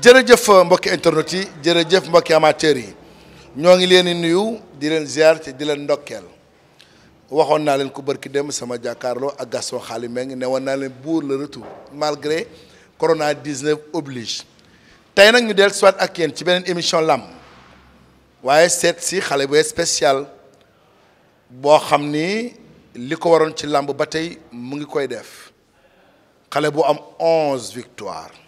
jërëjëf euh, mbokki internet yi jërëjëf mbokki amateur yi ñoo ngi leen di nuyu di leen ziar di leen ndokkeel waxoon naa leen ku bërki dem sama jàkkaarloo ak Gaston Xaali ngi ne woon naa leen buur le retour malgré corona 19 oblige tey nag ñu del soit ak yéen ci beneen émission làmb waaye seet si xale bu spécial boo xam ni li ko waroon ci làmb ba tey mu ngi koy def xale bu am 11 victoire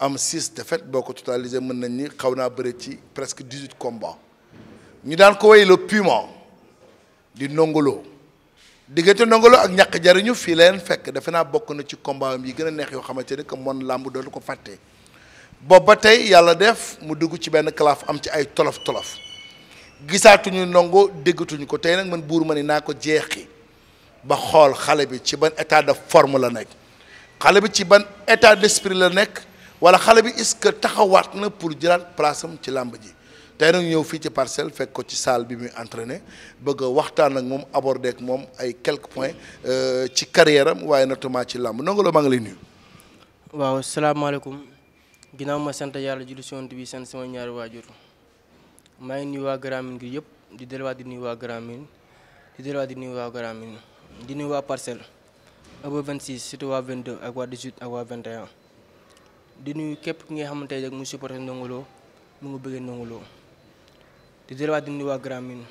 am six défaites boo ko totalisé mën nañ ni xaw naa bëri ci presque dix huit ñu daan ko woy le puma di nongolo diggante nongolo ak ñaq jariñu fii leen fekk defe naa bokk na ci combat am yi gën a neex yoo xamante ni que mon làmb dootu ko fàtte boobu ba tey yàlla def mu dugg ci benn kalaaf am ci ay tolof tolof gisaatuñu ndongo déggatuñu ko tey nag man buur ma ni naa ko jeexi ba xool xale bi ci ban état de forme la nekk xale bi ci ban état de d'esprit la nekk. wala xale bi est-ce que taxawaat na pour jëlaat place am ci làmb ji tey nag ñëw fii ci parcelle fekk ko ci salle bi muy entraîné bëgg a waxtaan ak moom abordé moom ay quelques points euh, ci carrière am waaye notamment ci làmb Ndongo Lo maa ngi lay nuyu. waaw salaamaaleykum ginnaaw ma sant yàlla julli si bi sant sama ñaari waajur maa ngi nuyu waa Grand Médine gi yëpp di delluwaat di nuyu waa Grand Médine di delluwaat di nuyu waa Grand Médine di nuyu waa parcelle. ëpp 26 surtout waa 22 ak waa 18 ak waa 21. di nuyu képp ki nga xamante rek mu supporté Ndongo mu ngi bëggee Ndongo di delluwaat di nuyu waa gramine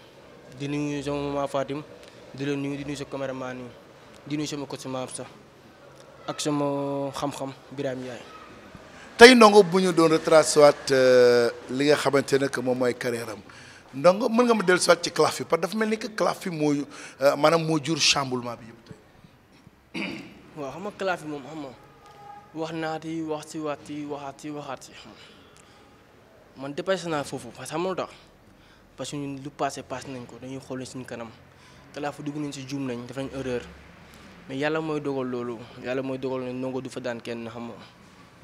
di nuyu sama mama Fatim di la nuyu di nuyu sa cameraman yi di nuyu sama coach maam sax ak sama xam-xam biram yaay tey Ndongo bu ñu doon retrace waat euh, li nga xamante ne que moom mooy carrière am Ndongo mën nga ma dellu si ci Claf yi parce dafa mel ni que Claf yi moo euh, maanaam moo jur chamboulement bi yëpp tey. waaw xam nga Claf yi moom xam nga wax naati wax si waat si waxaat si waxaat si man dépassé naa foofu parce que xam nga parce que ñun lu passé passé nañ ko dañuy xool suñu kanam kalaa fa dugg nañ si juum nañ def nañ erreur mais yàlla mooy dogal loolu yàlla mooy dogal ne ndongo du fa daan kenn xam nga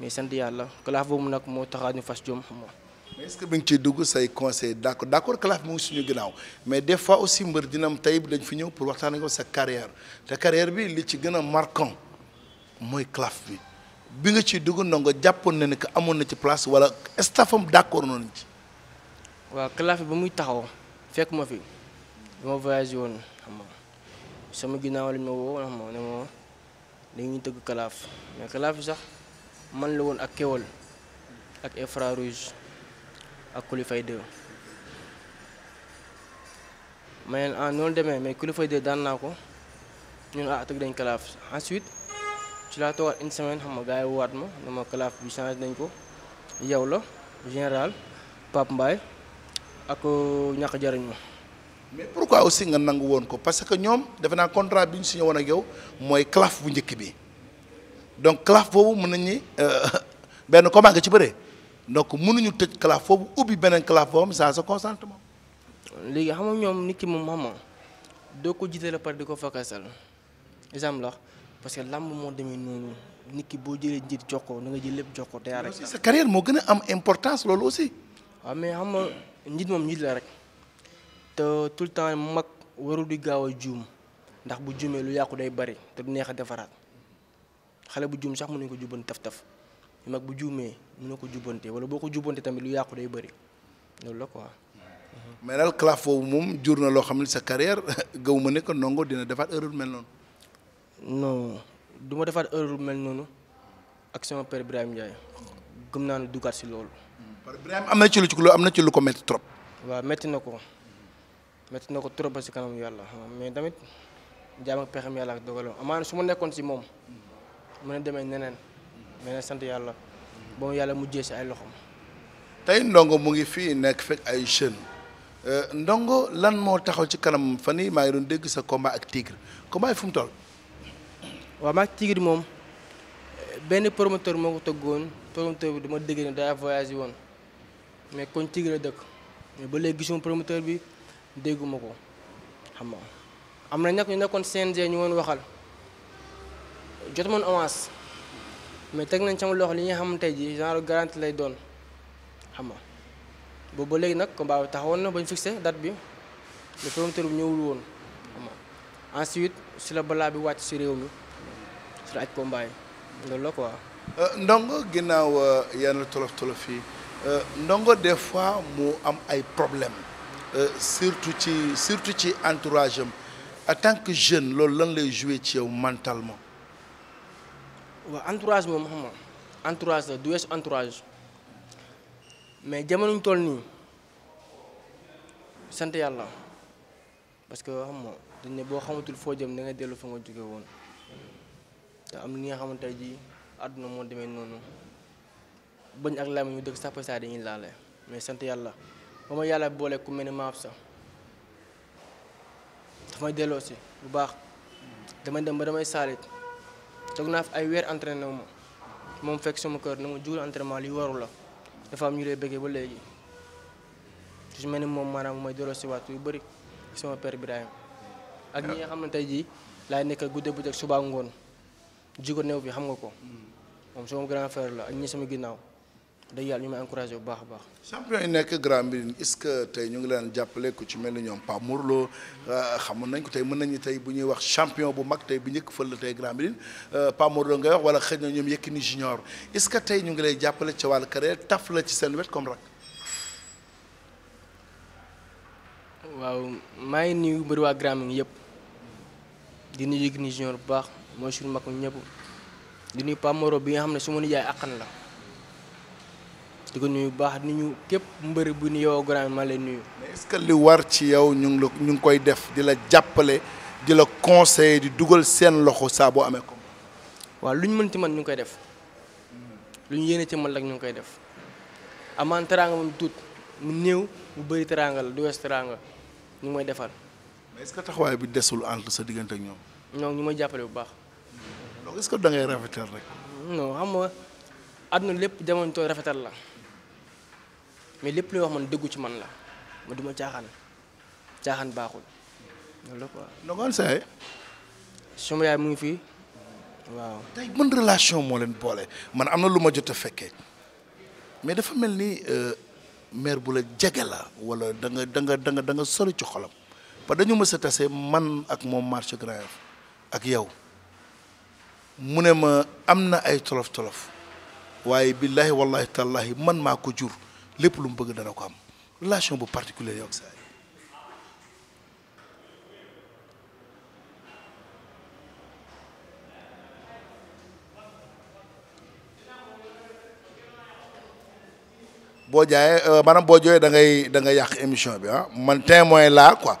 mais sant yàlla kalaf boobu nag moo taxaat ñu fas jom xam nga mais est bi nga ciy dugg say conseil d'accord d'accord kalaf mu ngi suñu ginnaaw mais des fois aussi mbër dina am tey dañ fi ñëw pour waxtaan ak sa carrière te carrière bi li ci gën a marquant mooy kalaf bi. bi nga ciy dugg ndongo jàppoon na ne que amoon na ci place wala staffam d'accord noonu ci. waaw Kalafi ba muy taxaw fekk ma fi dama voyagé woon xam nga sama ginnaaw lañ ma woo nga ne ma dañuy tëgg Kalafi mais Kalafi sax man la woon ak Kewal ak Efra Rouge ak Kulifay 2 mais ah noonu demee mais Kulifay 2 daan naa ko ñun ah tëgg dañ kalaaf ensuite. ci la togal une semaine xam nga gaay yi ma dama ma claf bi change nañ ko yow la général pap mbay ak ñak jarign ma mais pourquoi aussi nga nang won ko parce que ñom defe na contrat bi signé won ak yow moy claf bu ñëk bi donc claf bobu mën ni euh, ben combat nga ci bëré donc mënuñu tëj claf boobu ubbi beneen claf boo xam ça sa consentement léegi xam nga ñom nit ki moom xam nga ko jité la par diko fakassal exemple la parce que làmb moo demee noonu nit ki boo jëlee njiit jox ko na nga jël lépp jox ko te yaa sa carrière moo gën a am importance loolu aussi. waaw mais am nga njiit moom njiit la rek te tout le temps mag warul di gaaw a juum ndax bu juumee lu yàqu day bari te du neex a defaraat xale bu juum sax mën nañu ko jubbanti taf-taf mag bu juumee mën na ko jubbante wala boo ko jubbante tamit lu yàqu day bari loolu la quoi. mais daal claf moom jur na loo xam ne sa gaw ma ne ko Ndongo dina defaat erreur non du ma defaat erreur mel noonu action sama père Ibrahima naa ne dugaat si loolu. am na ci lu ci am na ci lu ko métti trop. waa métti na ko métti na ko trop ba si kanam yàlla mais tamit jaam ak pexem yàlla ak dogalam amaana su ma nekkoon si moom mën na demee neneen mel na sant yàlla ba mu yàlla mujjee si ay loxom tey Ndongo mu ngi fii nekk fekk ay jeunes euh, Ndongo lan moo taxaw ci kanam fan yii maa ngi doon dégg sa combat ak Tigre combat yi fu mu toll. waaw Macky Tigre moom eh, benn promoteur moo ko tëggoon promoteur bi dama dégg ne daa voyagé woon mais kon Tigre la dëkk mais ba léegi gisuma bi dégguma ko xam nga am na nag ñu nekkoon CNG ñu woon waxal jot moon avance mais teg nañ sama loxo li nga xam tey ji genre garantie lay doon xam nga boobu léegi nag combat bi taxawoon na bañ fixé date bi le promoteur bi ñëwul woon xam nga ensuite si la balaa bi wàcc si réew mi te aj combat loolu la quoi. Euh, ndongo ginnaaw euh, yenn tolof tolof yi euh, ndongo des fois mu am ay problème surtout ci surtout ci entourage am tant que jeune loolu lan lay jouer ci yow mentalement. waa entourage moom xam nga entourage la du weesu entourage mais jamono ñu toll nii sant yàlla parce que xam nga ne boo xamatul foo jëm da nga dellu fa nga jóge woon. te am li nga xamante ji àdduna moo demee noonu bëñ ak làmmiñ ñu dëkk sax saa dañuy laale mais sant yàlla ba ma yàlla boole ku mel ni maam sa dafa may delloo si bu baax damay dem ba damay saalit toog naa fi ay weer entraîné wu ma moom fekk sama kër na ma jugul entraînement li warula la dafa am ñu lay bëggee ba léegi su mel ni moom maanaam may delloo si waat yu bëri sama père Ibrahima ak ñi nga xam ne tey jii laay nekk gudde bu ak subaa ngoon jigo new bi xam nga ko moom sama grand frère la ak ñi sama ginnaaw day yàlla ñu may encouragé bu baax a baax. champion yi nekk Grand Médine est-ce que tey ñu ngi leen jàppale ku ci mel ni ñoom Pape Mourlo euh, xamoon nañ ko tey mën nañu tey bu ñuy wax champion bu mag tey bu njëkk fël la tey Grand Médine euh, Pape Mourlo ngay wax wala xëy na ñoom Yékini junior est-ce que tey ñu ngi lay jàppale ca wàllu carrière taf la ci seen wet comme rak. waaw maa ngi nuyu mbër waa Grand Médine bu baax. mooy suñu mag ñëpp di nuyu Pape Moro bi nga xam ne su ma nijaay àqan la di ko nuyu baax ni ñu képp mbëri bu ñu yow grand ma lay nuyu. est-ce que li war ci yow ñu ngi ñu ngi koy def di la jàppale di la conseiller di dugal seen loxo saa amee ko. waaw lu ñu mën ci man ñu ngi koy def lu ñu ci man rek ñu ngi koy def amaan teraanga moom tuut mu néew mu bëri teraanga la du wees teraanga ñu mooy may defal. mais est-ce que taxawaay bi desul entre sa diggante ak ñoom. ñoom ñu may jàppale bu baax. donc est que da ngay rafetal rek. non xam nga àdduna lépp jamono tooy rafetal la mais lépp lay wax man dëggu ci man la ma duma caaxaan caaxaan baaxul loolu la quoi. mu ngi fii waaw. tey mën relation moo leen boole man am na lu ma jot a fekkee mais dafa mel ni euh, mère bu la jege la wala da nga da nga da nga da ci xolam parce que dañu mës tase man ak moom marché Grand Yoff ak yow. Munem amna ma am ay tolof tolof waye billahi wallahi tallahi man mako jur lepp lu mu bëgg dana ko am relation bu particulier yow ak bo jaay jaayee euh, maanaam boo da ngay da ngay yak émission bi ah. man témoin la quoi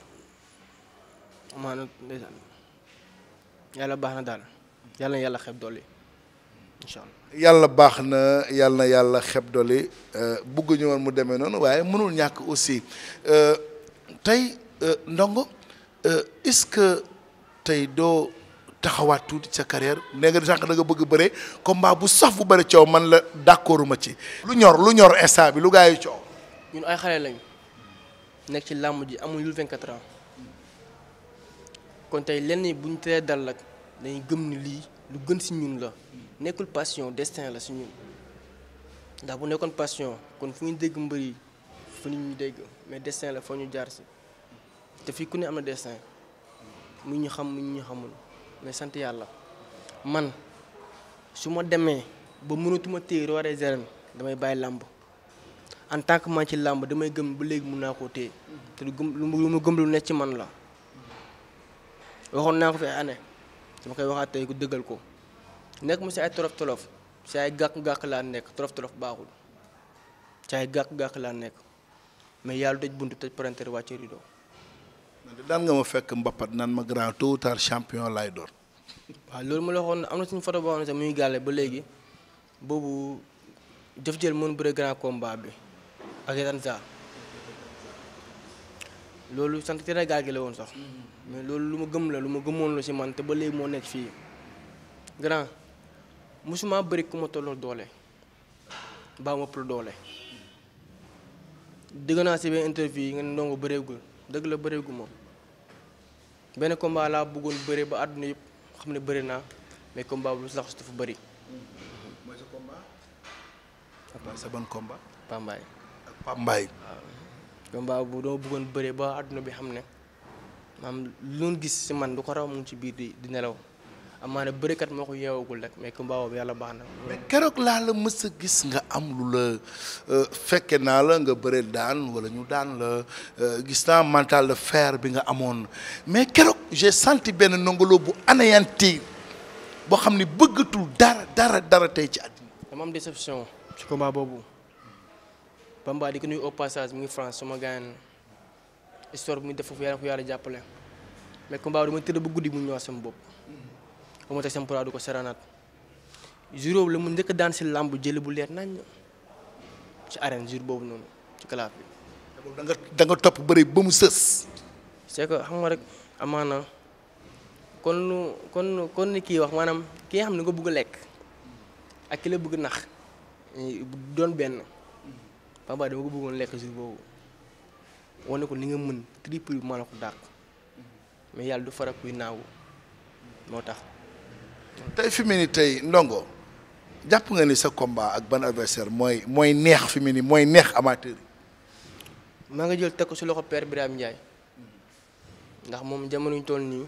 maanaam yàlla baax na daal yàlla na yàlla xeb dolli incha allah. yàlla baax na yàlla na yàlla xeb dolli euh, bugg ñu woon mu demee noonu waaye mënul ñàkk aussi euh, tey euh, ndongo est-ce que tey doo taxawaat tuuti ci carrière nee nga sànq da nga bëgg bëre combat bu saf bu bëri coow man la d'accordu ma ci. lu ñor lu ñor esta bi lu gaa yi coow. ñun ay xale lañu nekk ci làmb ji amul lu 24 ans. kon tey lenn bu ñu teree dal nag dañuy gëm ni lii lu gën si ñun la nekkul passion destin la si ñun ndax bu nekkoon passion kon fu ñu dégg mbër yi fu ñu dégg mais destin la foo ñu jaar si te fii ku ne am na destin mu ñu xam mu ñu xamul mais sant yàlla man su ma demee ba mënatuma téye roi des damay bàyyi làmb en tant que man ci làmb damay gëm ba léegi mun naa koo téye te lu gëm lu ma gëm lu nekk ci man la. waxoon naa ko fi ay année dama koy waxaat tey ku dëggal ko nekk mu si ay tolof tolof si ay gàkk-gàkk laa nekk tolof tolof baaxul si ay gàkk laa nekk mais yàlla daj bunt tëj parenteer wàcce rido daan nga ma fekk mbappat naan ma grand tôt ou tard champion laay doon. waaw loolu ma la waxoon am na suñu foto boo xam ne sax muy gàlle ba léegi boobu jëf jël mën bëre grand combat bi ak yeneen loolu sant te gaal gi la woon sax loolu lu ma gëm la lu ma gëmoon la si man te ba léegi moo nekk fii grand musuma bëri ku ma doole baa ma ëpp doole dëgg naa si benn interview yi nga ne ndongo bëreegul dëgg la bëreegu ma benn komba laa bëggoon bari ba àdduna yëpp xam ne bari naa mais combat bu sax dafa bari mooy sa combat. sa combat bu dama bëggoon bëre ba àdduna bi xam ne maam loon gis si man du ko raw mu ci biir di di nelaw amaa ne bërekat moo ko yeewagul rek mais combat baax na. mais keroog laa la mës gis nga am lu la euh, fekke naa la nga bëre daan wala ñu daan la euh, gis naa mental de fer bi nga amoon mais keroog j'ai senti benn nongolo bu anéanti boo xam ni bëggatul dara dara dara tey ci àddina. dama am déception ci combat boobu. Bamba di ko nuyu au mu ngi France sama gaañ histoire bu muy def foofu yàlla ko yàlla jàppale mais combat dama tëdd bu guddi mu ñëwaat sama bopp ba ma teg sama poids du ko seranaat jour boobu la mu njëkk daan si làmb jël bu leer nañ ci arène jour boobu noonu ci classe bi. da nga da nga topp bëri ba mu sës. c'est que xam nga rek amaana kon lu kon kon kii wax maanaam ki xam ne nga bugg a lekk ak ki la bëgg nax eh, doon benn. Papa dama ko bëggoon lekk jour boobu wane ko li nga mën triple bi ma la ko dàq mais yàlla du farak kuy naawu moo tax. tey fi mu tey ndongo jàpp nga ni sa combat ak ban adversaire mooy mooy neex fi mu mooy neex amateur yi. maa nga jël teg ko si loxo père Birame Ndiaye ndax moom jamono ñu toll nii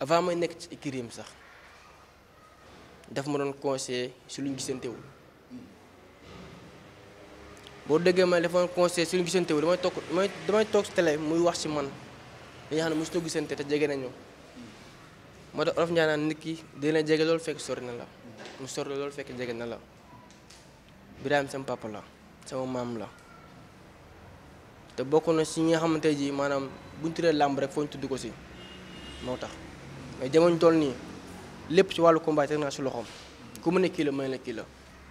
avant may nekk ci écurie am sax daf ma doon conseiller si luñ gisantewul boo déggee man dafa conseil suñu gisante wu damay toog damay damay toog si télé muy wax si man li nga xam ne mosuñu gisante te jege nañu moo tax olof Ndiaye nit ki dina jege loolu fekk sori na la mu sori loolu fekk jege na la Birame sama papa la sama maam la te bokk na si ñi nga xamante ji maanaam buñ tiree làmb rek foo ñu tudd ko si moo tax mais jamono toll nii lépp ci wàllu combat teg naa si loxoom ku mu ne kii la may la kii la.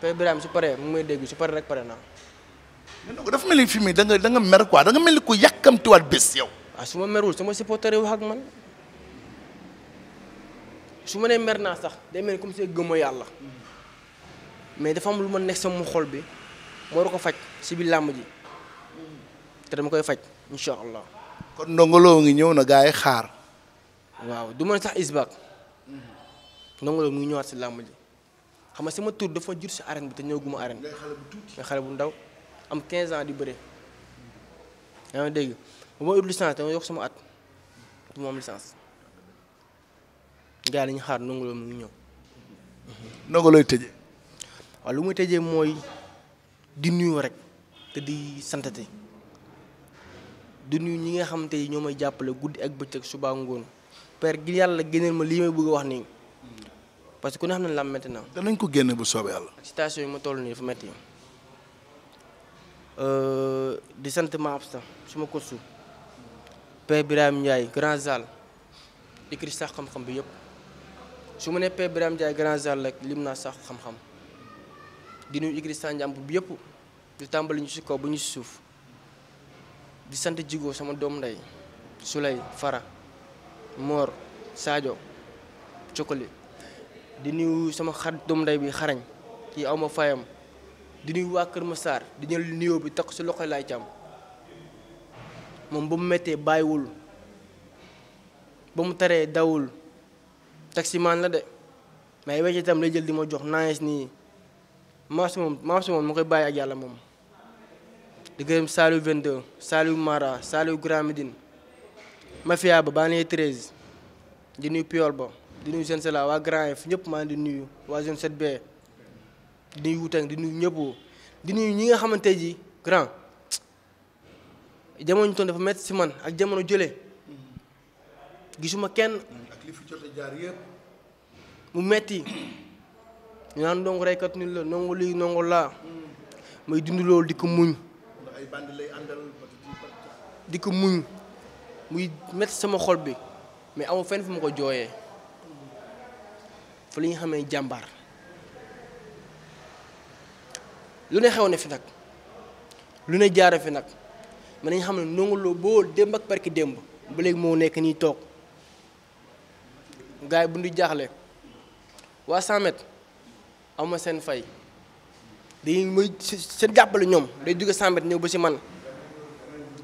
Père Birahim su paree mu may dégg su paree rek pare naa. non dafa mel ni fii da nga mer quoi da mel ni ku yàkkamtiwaat bés yow. ah su ma merul sama supporter yi wax ak man su ma nee mer naa sax day mel ni comme si gëmma yàlla mais dafa am lu ma nekk sama xol bi moo war ko faj si biir làmb ji te dama koy faj incha allah. kon Ndongo ngi ñëw na gaa yi xaar. waaw du ma sax isbaak mhm. Ndongo mu ngi ñëwaat si làmb ji. xam si ma tur dafa jur si arène bi te ñëwaguma arène nga xale bu ndaw am 15 ans di bëre yaa ngi dégg bu ma ut licence dama yokk sama at du ma am licence gars yi dañuy xaar nangu mu ngi ñëw. nangu looy tëjee. waaw lu muy tëjee mooy di nuyu rek te di santate di nuyu ñi nga xam ni ñoo may jàppale guddi ak bëccëg suba ngoon père gi yàlla génneel ma lii may bëgg wax nii. parce que ku ne xam ne làmb métti na. danañ ko génne bu soobee yàlla. ak situation yi ma toll nii dafa métti euh, di sant ma ab sax suma kursu Père Birame Ndiaye Grand Zal di sax xam-xam bi yëpp su ma ne Père Birame Ndiaye Grand Zal lim naa sax xam-xam di nuyu Igri Sanjam bi yëpp du tàmbali ñu si kaw ba ñu si suuf di sant jigo sama doom ndey Souley Fara Mor Sadio Cokoli. di nuyu sama xarit doomu ndey bi xarañ kii awma fayam di nuyu waa Kër Massar di jël nuyoo bi takk si loxo laay càmm moom ba mu méttee bàyyiwul ba mu taree dawul taximaan la de mais wecc itam lay jël di ma jox naages nii maa si moom maa si moom ma koy bàyyi ak yàlla moom di gërëm Saliou 22 Saliou Mara Saliou Grand Médine Mafia ba baa nee 13 di nuyu Piol ba di nuyu Sen wa Grand F ñëpp di nuyu wa jeune 7B di nuyu Wutang di nuyu ñep di nuyu ñi nga xamanté ji grand jamono ñu toon dafa metti ci man ak jamono jëlé gisuma kenn. ak li fi a jaar yépp mu metti ñu la may di muñ. ay lay di muñ muy metti sama xol bi mais ma fa la jambar. jambar lu ne xewone fi nak lu ne jaara fi nak man nañu xamné ne Lo bo demb ak barki demb bu leg mo nek ni tok gaay bu ndu jaxlé wa 100 mètres amma sen fay di mooy sen jàppale ñom day dugg 100 mètres ñew bu ci man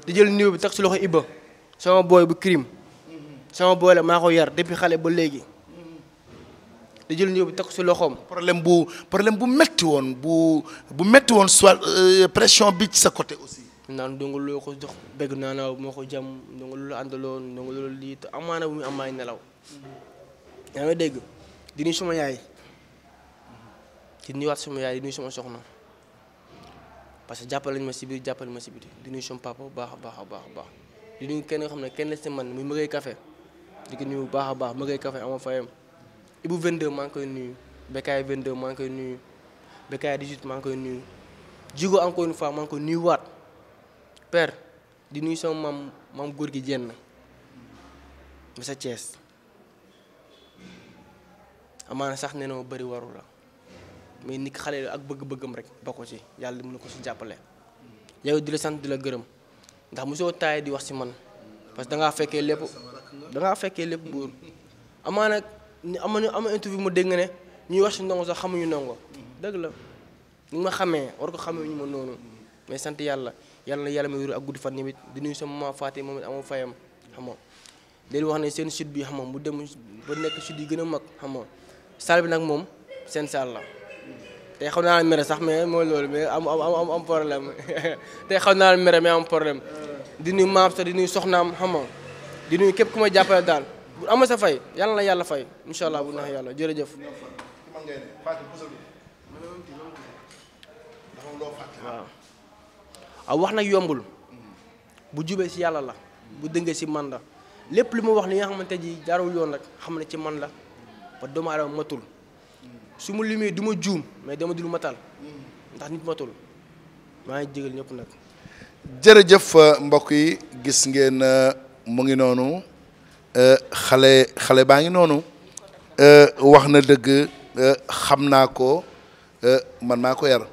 di jël néew bi tax si loxo Iba sama boy bu crime sama boy la mako yar depuis xalé ba légui te jël ñëw bi teg si loxoom. problème bu problème bu metti woon bu bu metti woon soit euh, pression bi ci sa côté aussi. naan dong loo ko jox bëgg naa naaw moo ko jam dong loolu àndaloon dong loolu lii amaana bu muy am maay nelaw. yaa ngi dégg di nuyu sama yaay di nuyuwaat sama yaay di nuyu sama soxna parce que jàppale ma si biir jàppale ma si biir di nuyu papa bu baax a baax baax a baax di kenn xam ne kenn la si man muy mëgëy café di bu baax a baax mëgëy café ama fayam. Ibu 22 maa ngi koy nuyu Bekkaay 22 maa ngi koy nuyu Bekkaay 18 maa ngi koy nuyu Djigo encore une fois maa ngi koy nuyuwaat père di nuyu sama mam mam góor gi jenn ba sa ties. Amana sax neno bari waru la mais nik xalé ak bëgg bëggum rek bako ci Yalla mëna ko su jappalé. yow di la sant di la gërëm ndax mosoo tay di wax ci man parce que da nga féké lépp da nga féké lépp bur. Amana ni am na am interview ma dégg ne ñuy wax si ndongo sax xamuñu ndongo dëgg la ni ma xamee war ko xamee ñu ma noonu mais sant yàlla yàlla na yàlla may wér ak guddi fan di nuyu sama maman moom amoo fayam xam nga wax ne seen sud bi xam bu dem ba nekk sud yi gën a mag xam nga bi nag moom seen salle la tey xam naa la mere sax mais mooy loolu mais am am am tey xaw naa la mere mais am problème di nuyu maam sax di nuyu soxnaam xam di nuy képp ku ma jàppale daal. bu ama sa fay yàlla na yàlla fay incha allah bu neex yàlla jërëjëf. waaw aw ah, wax nag yombul bu jubee si yàlla la bu dëngee si man la lépp li ma wax li nga xamante ji jaarul yoon nag xam ne ci man la ba doomu aadama matul su mu limee du ma juum mais dama dul matal ndax nit matul maa ngi jégal ñëpp nag. jërëjëf mbokk yi gis ngeen mu ngi noonu. xale xale baa ngi noonu wax na dëgg xam naa ko man maa ko yar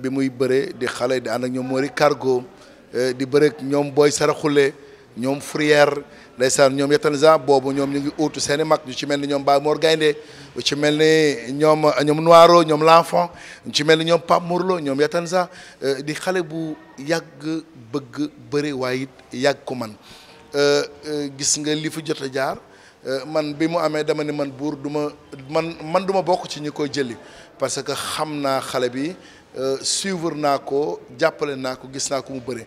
bi muy bëree di xale di ànd ak ñoom Mori Cargo di bëre ñoom Boy Saraxule ñoom Fourière ndeysaan ñoom Yatanza boobu ñoom ñu ngi uutu seeni mag ñu ci mel ni ñoom baa Mor Gaynde ñu ci mel ni ñoom ñoom Noiro ñoom L'Enfant ñu ci mel ni ñoom Pape Mourlo ñoom Yatanza di xale bu yàgg bëgg bëre waaye yàgg ko man Euh, euh, gis nga li fi jot a jaar euh, man bi mu amee dama ne man buur du ma man man du ma bokk ci ñu koy jëli parce que xam naa xale bi suivre naa ko jàppale naa ko gis naa ko mu bëre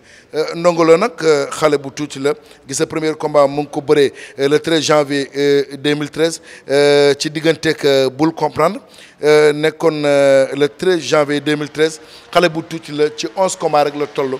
Ndongo Lo nag xale bu tuuti la gis première premier mu nga ko bëree le 13 janvier 2013 ci digganteeg bul comprendre nekkoon le 13 janvier 2013 xale bu tuuti la ci 11 combat rek la toll.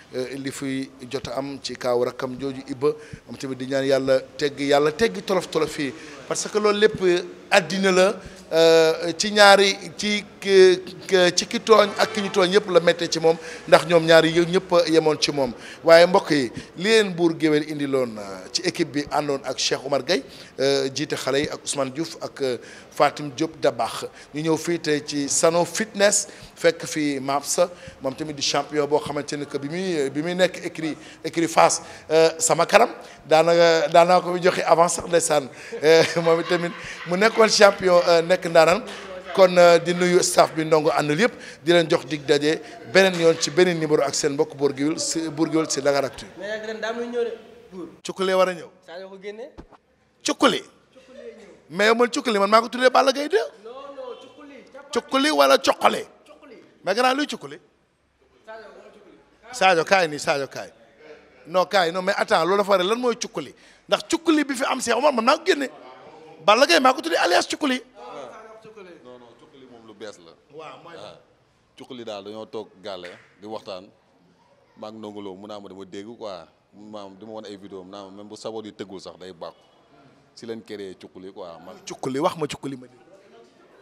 Eh, li fuy jot a am ci kaaw rakkam jooju ibba am tamit di ñaan yàlla tegg yàlla tegg tolof tolof yi parce que loolu lépp àddina la eh, ci ñaari ci ci ki tooñ ak ki ñu tooñ yëpp la méttee ci moom ndax ñoom ñaari yë ñëpp yemoon ci moom waaye mbokk yi li leen buur géwél indi loon eh, ci équipe bi àndoon ak Cheikh Omar Gueye jiite xale yi ak Ousmane Diouf ak Fatim Diop Dabax ñu ñëw fii tey ci Sano Fitness fekk fi Mapsa moom tamit di champion boo xamante ne que bi muy Euh, bi muy nekk écrit écrit face euh, sama kanam daanaka daanaa ko fi joxe avant sax ndeysaan euh, moom tamit mu nekkoon champion nekk ndaanaan kon di nuyu staff bi ndongo àndal yëpp di leen jox dig daje beneen yoon ci beneen numéro ak seen mbokk Bour Gueweul si Bour Gueweul cukkule war a ñëw. saa yoo cukkule. mais yow cukkule man maa ko tuddee Balla Gaye de. cukkule. wala cokkale. mais gannaaw luy cukkule. Sadio kaay nii Sadio kaay non kaay non mais attends loolu dafa war lan mooy cukkuli ndax cukkuli bi fi am Cheikh Omar man naa ko génne la Gaye maa ko tuddee alias cukkuli. moom lu bees la. waaw ah, cukkuli daal dañoo toog gàlle di waxtaan maa ngi nongoloo naa ma dama dégg quoi maam ma woon ay vidéo naa même bu saboot yi tëggul sax day bàqu si leen créé cukkuli quoi man. cukkuli wax ma cukkuli ma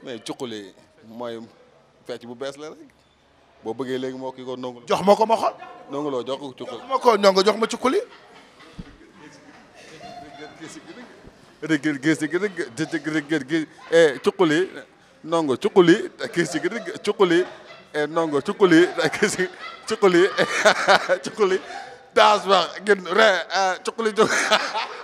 mais cukkuli mooy fecc bu bees la rek. boo bëggee léegi moo kii ko nongu jox ma ko ma xool nongu loo jox ko cukkul jox ma ko nongu jox ma cukkuli rëgër eh, gi rëg rëgër gi cukkuli nongu cukkuli gi rëg cukkuli eh, nongu cukkuli gis gi cukkuli cukkuli daas wax gën re eh, cukkuli jóg